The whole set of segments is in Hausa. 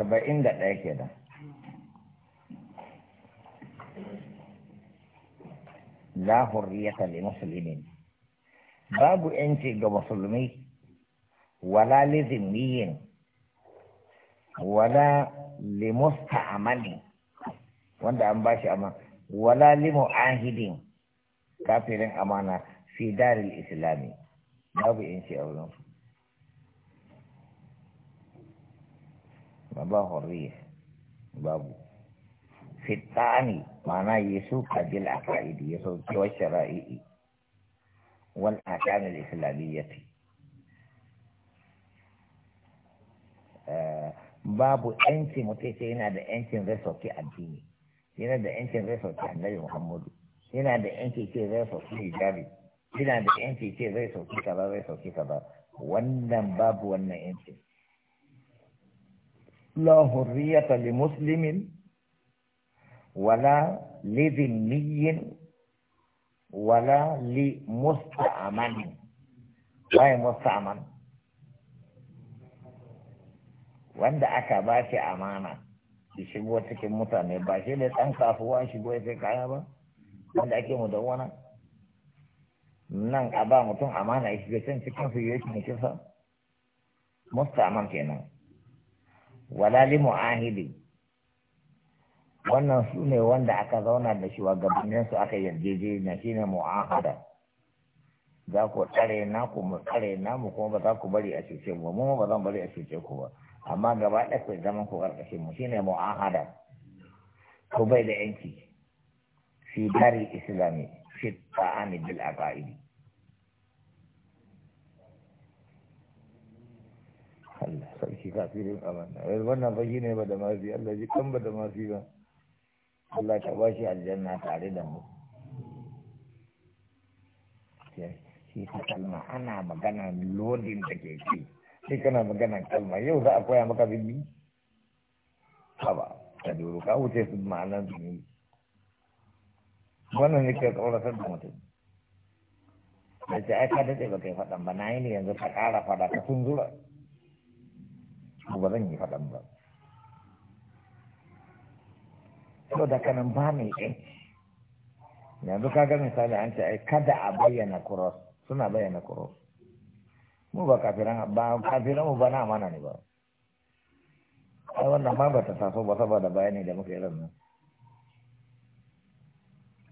arba'in da ɗaya ke da, la li babu yanci ga musulmi wala li zimmiyin wala li musta'amali wanda an bashi amma wala li mu'ahidin kafirin amana fi daril islami babu yanci a wurin ba hurriya babu fitani ma'ana yesu kajil akaidi ya sauke wa shara'i'i wal akamil islamiyyati eh, babu enci mutum sai yana da yancin zai sauke addini yana da yancin zai sauke annabi muhammadu yana da enci ce zai sauke hijabi yana da enci ce zai sauke kaza zai sauke kaza wannan babu wannan yancin لا حرية لمسلم ولا لذمي ولا لمستعمل لا مستعمل wanda aka ba shi amana shi shigo cikin mutane ba shi ne dan kafuwa shigo ya sai kaya ba wanda ake mu don nan a ba mutum amana ya shiga can cikin su yake ne kisa mustaman kenan wala li mu'ahidi wannan su ne wanda aka zauna da shi wa su aka shi shine mu'ahada za ku tsare na ku mu tsare na mu kuma ba za ku bari a cuce mu mu ba zan bari a cuce ku ba amma gaba ɗaya ku zaman ku karkashin mu shine mu'ahada ku bai da yanki fi dari islami fi ta'ani bil aqaidi Allah sarki kafirin amana yanzu wannan fage ne ba da mafi Allah ji kan ba da mafi ba Allah ta ba shi aljanna tare da mu shi ta kalma ana magana lodin da ke ci sai kana magana kalma yau za a koya maka bibi haba ta duru ka wuce su ma'anar su wannan ne ke tsoratar da mutum da ce ai ka daɗe ba kai faɗan ba na yi ne yanzu ka ƙara faɗa ka sun zura ba zan yi faɗan ba so da kanan ba mai yanci yanzu kaga misali an ce ai kada a bayyana kuros suna bayyana kuros mu ba kafiran ba kafiran mu ba na amana ne ba ai wannan ma ba ta taso ba saboda bayani da muka yi nan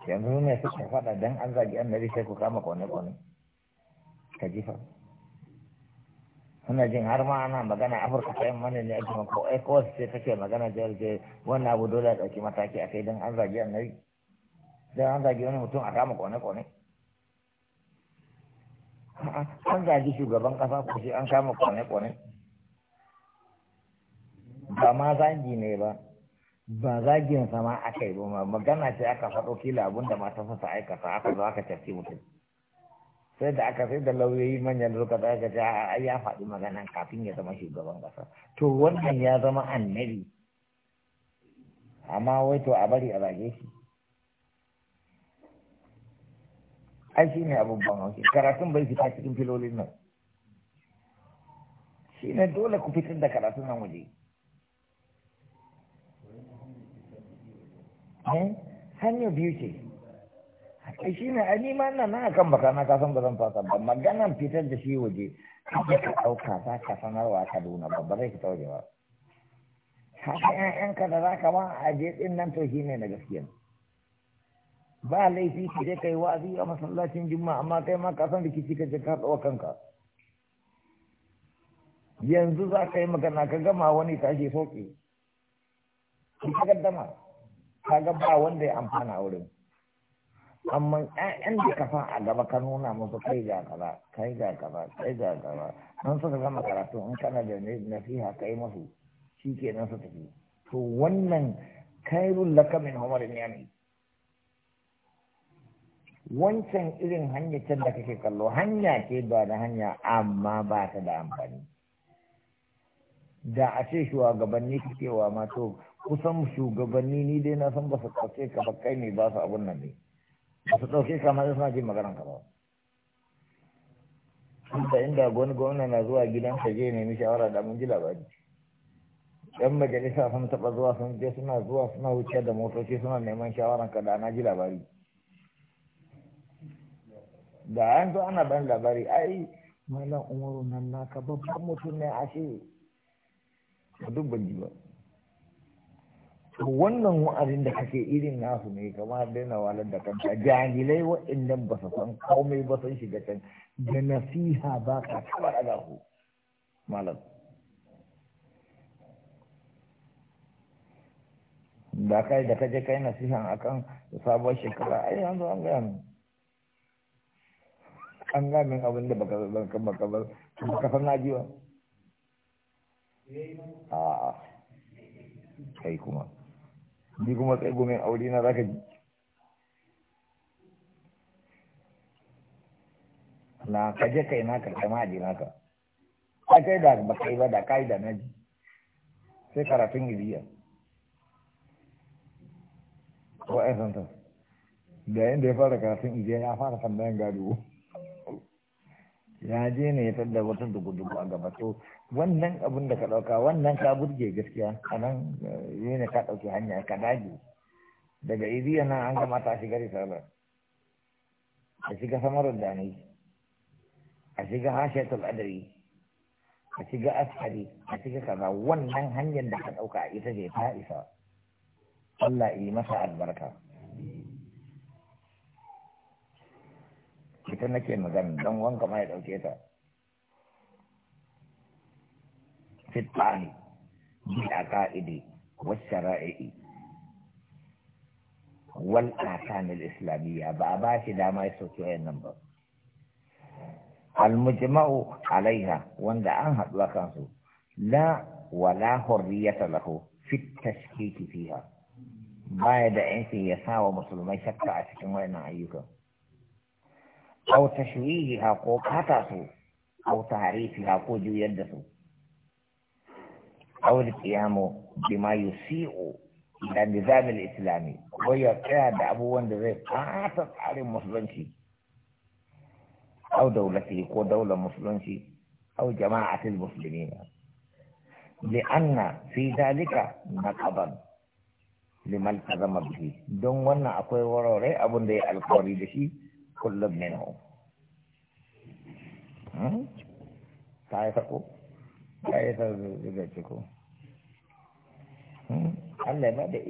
yanzu ne suka faɗa dan an zagi annabi sai ku kama kone-kone ka jifa ina jin har ma ana magana afirka ta yamma ne ake ma ko ai kowace ce take magana jihar ce wannan abu dole a ɗauki mataki a kai don an zagi annabi don an zagi wani mutum a kama kone-kone an zagi shugaban kasa ko sai an kama kone-kone ba ma zagi ne ba ba zagin sama aka yi ba magana ce aka faɗo kila abinda mata sa aikata aka zo aka tafi mutum sai da aka sai da lauyoyi manyan lokaci aka ce a ya faɗi magana kafin ya zama shugaban ƙasa to wannan ya zama annabi amma wai to a bari a zage shi ai shi ne abubuwan hauki karatun bai fita cikin filolin nan shi ne dole ku fitar da karatun nan waje eh? hanyar biyu ce ai shi ne ai nima nan nan akan baka na kasan ba zan fasa ba maganan fitar da shi waje kaje ka dauka za ka sanarwa ka ba ba zai fita waje ba haka 'ya'yanka da za ka ma a je din nan to shi ne na gaskiya ba laifi ka je kai wa'azi a masallacin juma'a amma kai ma ka san rikici ka je ka tsawa kanka yanzu za ka yi magana ka gama wani tashi soke ki ka gaddama ka ga ba wanda ya amfana a wurin amma ƴaƴan da ka sa a gaba ka nuna musu kai ga gaba kai ga gaba kai ga kaza an suka gama karatu in kana da nasiha kai masu shi nan su tafi to wannan kairun laka min umar ne wancan irin hanyar can da kake kallo hanya ce ba da hanya amma ba ta da amfani da a ce shugabanni kake wa ma to kusan shugabanni ni dai na san ba su kace ka ba kai ne ba su abun nan ne Masu ɗauke kamar suna jin magana ka ba da inda wani gwamna na zuwa gidan ka je nemi shawara da mun ji labari yan majalisa sun taɓa zuwa sun je suna zuwa suna wuce da motoci suna neman shawaran ka da na ji labari da an zo ana ban labari ai malam umaru nan naka babban mutum ne a shi duk ban ji ba wannan wa'azin da kake irin nasu ne kamar daina walar da kanta jahilai wa'annan ba su san komai ba sun shiga can da nasiha ba ka kamar a gahu malam da kai da kaje kai nasihan akan sabon shekara ai yanzu an gaya min an gaya min abin da baka baka baka baka san najiwa a kai kuma ni kuma tsegumin aure na zaka ji na kaje kai na kai ma ji naka ka kai da ba kai ba da kai da na ji sai karatun ibiya ko ai san da yanda ya fara karatun ibiya ya fara tambayan gado ya je ne ya tadda wata dugu-dugu a gaba to wannan abin da ka ɗauka wannan ka burge gaskiya a nan eh, ne ka ɗauki hanya ka dage daga iriya nan an kamata a shiga risalar a shiga samarar danai a shiga hashetul adari a shiga askari a shiga kaza wannan hanyar da ka ɗauka ita ce ta isa Allah yi masa albarka ita nake magana don wanka ma ya ɗauke ta الفقه بالعقائد والشرائع والأحكام الإسلامية بأباش لا ما يسوكي نمبر المجمع عليها وان دعاها لكنسو لا ولا حرية له في التشكيك فيها بعد أنت يساوى مسلمي شكا عشكين وإن أيوكا أو تشويهها قوقاتها أو تعريفها قوجو يدسو أو القيام بما يسيء إلى النظام الإسلامي ويقعد أبو وندزي قاطت على المسلمين أو دولته أو دولة مسلمين أو جماعة المسلمين لأن في ذلك نقضا لما التزم به دون وانا أقوي وروري أبو ندي القوري لشي كل منهم تعرفوا ya yi sarzuga ciko hmm, Allah ba da